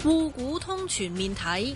滬股通全面睇。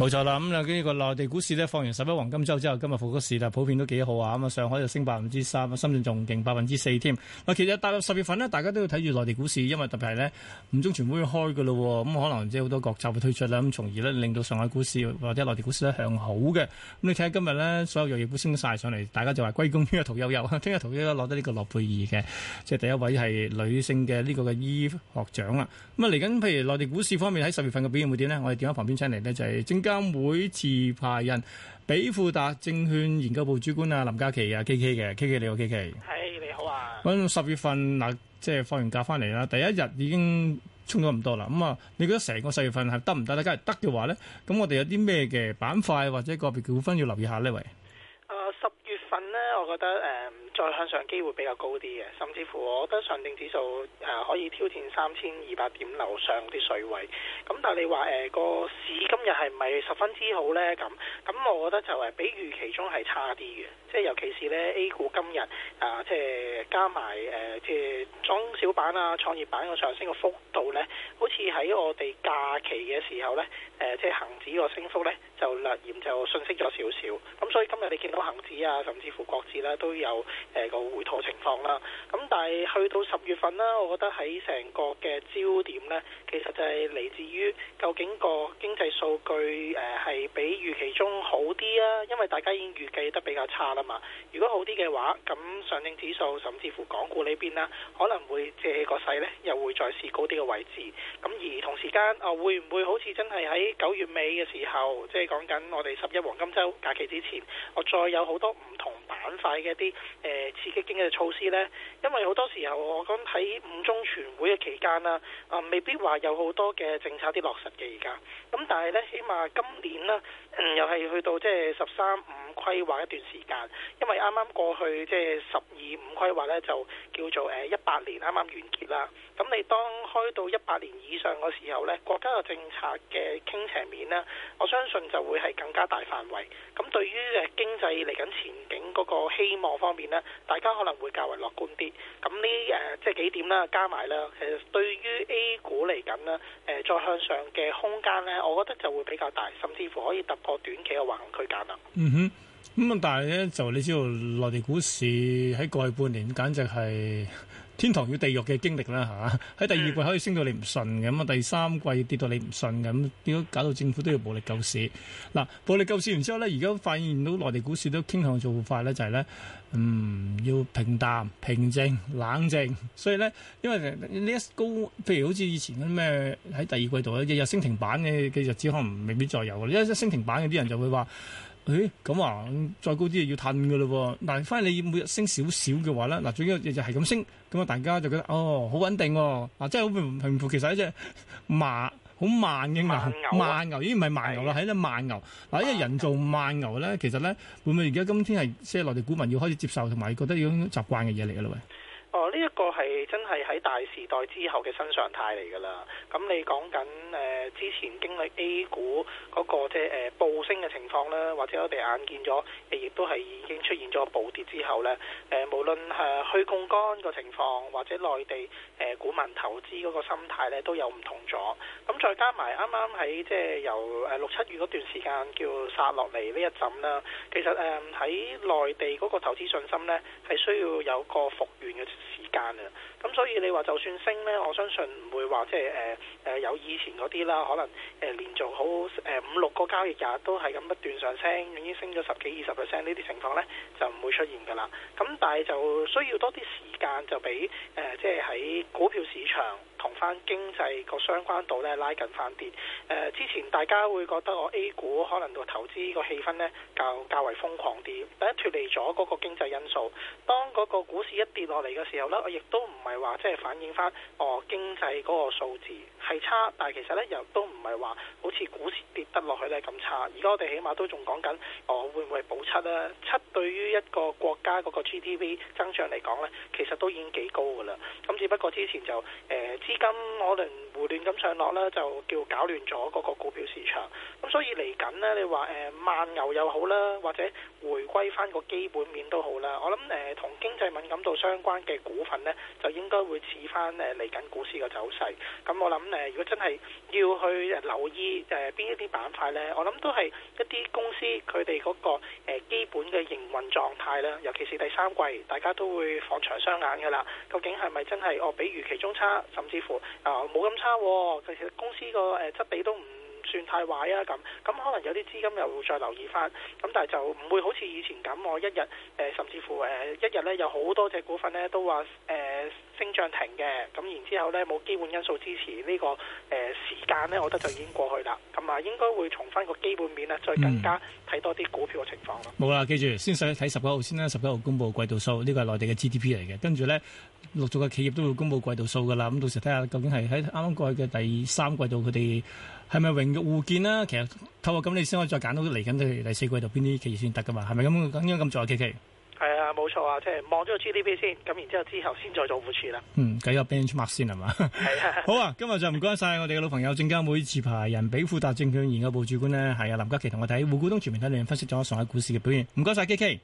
冇錯啦，咁啊跟住個內地股市咧放完十一黃金周之後，今日復嗰市就普遍都幾好啊！咁啊，上海就升百分之三，深圳仲勁百分之四添。啊，其實大約十月份呢，大家都要睇住內地股市，因為特別係呢五中全會開嘅咯，咁、嗯、可能即係好多國策會推出啦，咁、嗯、從而呢令到上海股市或者內,內地股市咧向好嘅。咁、嗯、你睇下今日呢，所有藥業股升晒上嚟，大家就話歸功於阿屠呦呦，聽日屠呦呦攞得呢個諾貝爾嘅，即係第一位係女性嘅呢個嘅、e、醫學獎啦。咁啊嚟緊，譬如內地股市方面喺十月份嘅表現會點呢？我哋電話旁邊請嚟呢就係、是證監會特派人，比富達證券研究部主管啊，林嘉麒啊，K K 嘅，K K 你好，K K。係、hey, 你好啊。咁十月份嗱，即係放完假翻嚟啦，第一日已經衝咗咁多啦。咁啊，你覺得成個十月份係得唔得咧？梗係得嘅話咧，咁我哋有啲咩嘅板塊或者個別股份要留意下呢？喂。啊，十月份咧，我覺得誒。Um 再向上機會比較高啲嘅，甚至乎我覺得上證指數誒、呃、可以挑戰三千二百點樓上啲水位。咁但係你話誒個市今日係唔係十分之好呢？咁咁我覺得就係比預期中係差啲嘅。即係尤其是呢 A 股今日啊，即係加埋誒、呃、即係中小板啊、創業板個上升個幅度呢，好似喺我哋假期嘅時候呢，誒、呃，即係恒指個升幅呢就略嫌就遜色咗少少。咁所以今日你見到恒指啊，甚至乎國指啦都有。誒個回吐情況啦，咁但係去到十月份啦，我覺得喺成個嘅焦點呢，其實就係嚟自於究竟個經濟數據誒係、呃、比預期中好啲啊，因為大家已經預計得比較差啦嘛。如果好啲嘅話，咁上證指數甚至乎港股呢邊啦，可能會借個勢呢，又會再試高啲嘅位置。咁而同時間啊，會唔會好似真係喺九月尾嘅時候，即係講緊我哋十一黃金周假期之前，我再有好多唔同板塊嘅一啲誒、呃刺激經濟嘅措施咧，因為好多時候我講喺五中全會嘅期間啦，啊、呃，未必話有好多嘅政策有啲落實嘅而家。咁但係咧，起碼今年啦，嗯，又係去到即係十三五。規劃一段時間，因為啱啱過去即係十二五規劃呢，就叫做誒一百年啱啱完結啦。咁你當開到一百年以上嘅時候呢，國家嘅政策嘅傾斜面呢，我相信就會係更加大範圍。咁對於誒經濟嚟緊前景嗰個希望方面呢，大家可能會較為樂觀啲。咁呢誒即係幾點啦？加埋啦，其實對於 A 股嚟緊呢，誒再向上嘅空間呢，我覺得就會比較大，甚至乎可以突破短期嘅橫行區間啦。嗯哼。咁啊、嗯！但係咧，就你知道，內地股市喺過去半年簡直係天堂與地獄嘅經歷啦，嚇、啊、喺第二季可以升到你唔信嘅，咁啊第三季跌到你唔信嘅，咁點解搞到政府都要暴力救市嗱、啊，暴力救市完之後咧，而家發現到內地股市都傾向做法咧，就係、是、咧，嗯，要平淡、平靜、冷靜。所以咧，因為呢一高譬如好似以前啲咩喺第二季度咧，日日升停板嘅嘅日子可能未必再有，因為一升停板嘅啲人就會話。.咁啊，再高啲就要褪㗎咯喎，嗱，反而你要每日升少少嘅話咧，嗱，最緊要就係咁升，咁啊，大家就覺得哦，好穩定喎，啊，即係平平伏，其實一隻慢好慢嘅牛，慢牛，依唔係慢牛啦，係一隻慢牛，嗱，呢隻對 牛人造慢牛咧，其實咧會唔會而家今天係即係內地股民要開始接受同埋覺得要習慣嘅嘢嚟嘅喂？哦，呢、這、一個係真係喺大時代之後嘅新常態嚟㗎啦。咁你講緊誒、呃、之前經歷 A 股嗰、那個即係誒暴升嘅情況啦，或者我哋眼見咗，亦都係已經出現咗暴跌之後咧，誒冇。呃無論係去槓桿個情況，或者內地誒、呃、股民投資嗰個心態咧，都有唔同咗。咁再加埋啱啱喺即係由誒六七月嗰段時間叫殺落嚟呢一陣啦。其實誒喺、呃、內地嗰個投資信心呢，係需要有個復原嘅時間嘅。咁所以你話就算升呢，我相信唔會話即係誒誒有以前嗰啲啦。可能誒、呃、連續好，誒五六個交易日都係咁不斷上升，已經升咗十幾二十 percent，呢啲情況咧，就唔會出現噶啦。咁但係就需要多啲時間、呃，就俾誒，即係喺股票市場。同翻經濟個相關度咧拉近翻啲。誒、呃、之前大家會覺得我 A 股可能個投資個氣氛呢較較為瘋狂啲，第一脱離咗嗰個經濟因素，當嗰個股市一跌落嚟嘅時候呢，我亦都唔係話即係反映翻哦經濟嗰個數字係差，但係其實呢，又都唔係話好似股市跌得落去呢咁差。而家我哋起碼都仲講緊哦會唔會係保七咧、啊？七對於一個國家嗰個 GDP 增長嚟講呢，其實都已經幾高㗎啦。咁只不過之前就誒。呃資金我哋。胡亂咁上落咧，就叫搞亂咗嗰個股票市場。咁所以嚟緊呢，你話誒慢牛又好啦，或者回歸翻個基本面都好啦。我諗誒同經濟敏感度相關嘅股份呢，就應該會似翻誒嚟緊股市嘅走勢。咁我諗誒，如果真係要去留意誒邊一啲板塊呢，我諗都係一啲公司佢哋嗰個基本嘅營運狀態啦，尤其是第三季，大家都會放長雙眼噶啦。究竟係咪真係我、哦、比預期中差，甚至乎啊冇咁差？啊、其實公司個誒、呃、質地都唔算太壞啊，咁咁可能有啲資金又會再留意翻，咁但係就唔會好似以前咁喎，我一日誒、呃、甚至乎誒、呃、一日咧有好多隻股份咧都話誒、呃、升漲停嘅，咁然之後咧冇基本因素支持、這個呃、呢個誒時間咧，我覺得就已經過去啦，咁啊應該會重翻個基本面咧，再更加睇多啲股票嘅情況咯。冇啦、嗯，記住先上睇十九號先啦，十九號，號公布季度數，呢個係內地嘅 GDP 嚟嘅，跟住咧。陸續嘅企業都會公佈季度數噶啦，咁到時睇下究竟係喺啱啱過去嘅第三季度佢哋係咪榮辱互見啦？其實透過咁你先可以再揀到嚟緊第四季度邊啲企業先得噶嘛？係咪咁應該咁做啊？K K，係啊，冇錯啊，即係望咗個 G D P 先，咁然之後之後先再做互視啦。嗯，睇個 bench mark 先係嘛？係 啊。好啊， 今日就唔該晒我哋嘅老朋友證監會持牌人比富達證券研究部主管呢。係啊，林嘉麒同我睇滬股通全面睇嚟分析咗上海股市嘅表現，唔該晒 K K。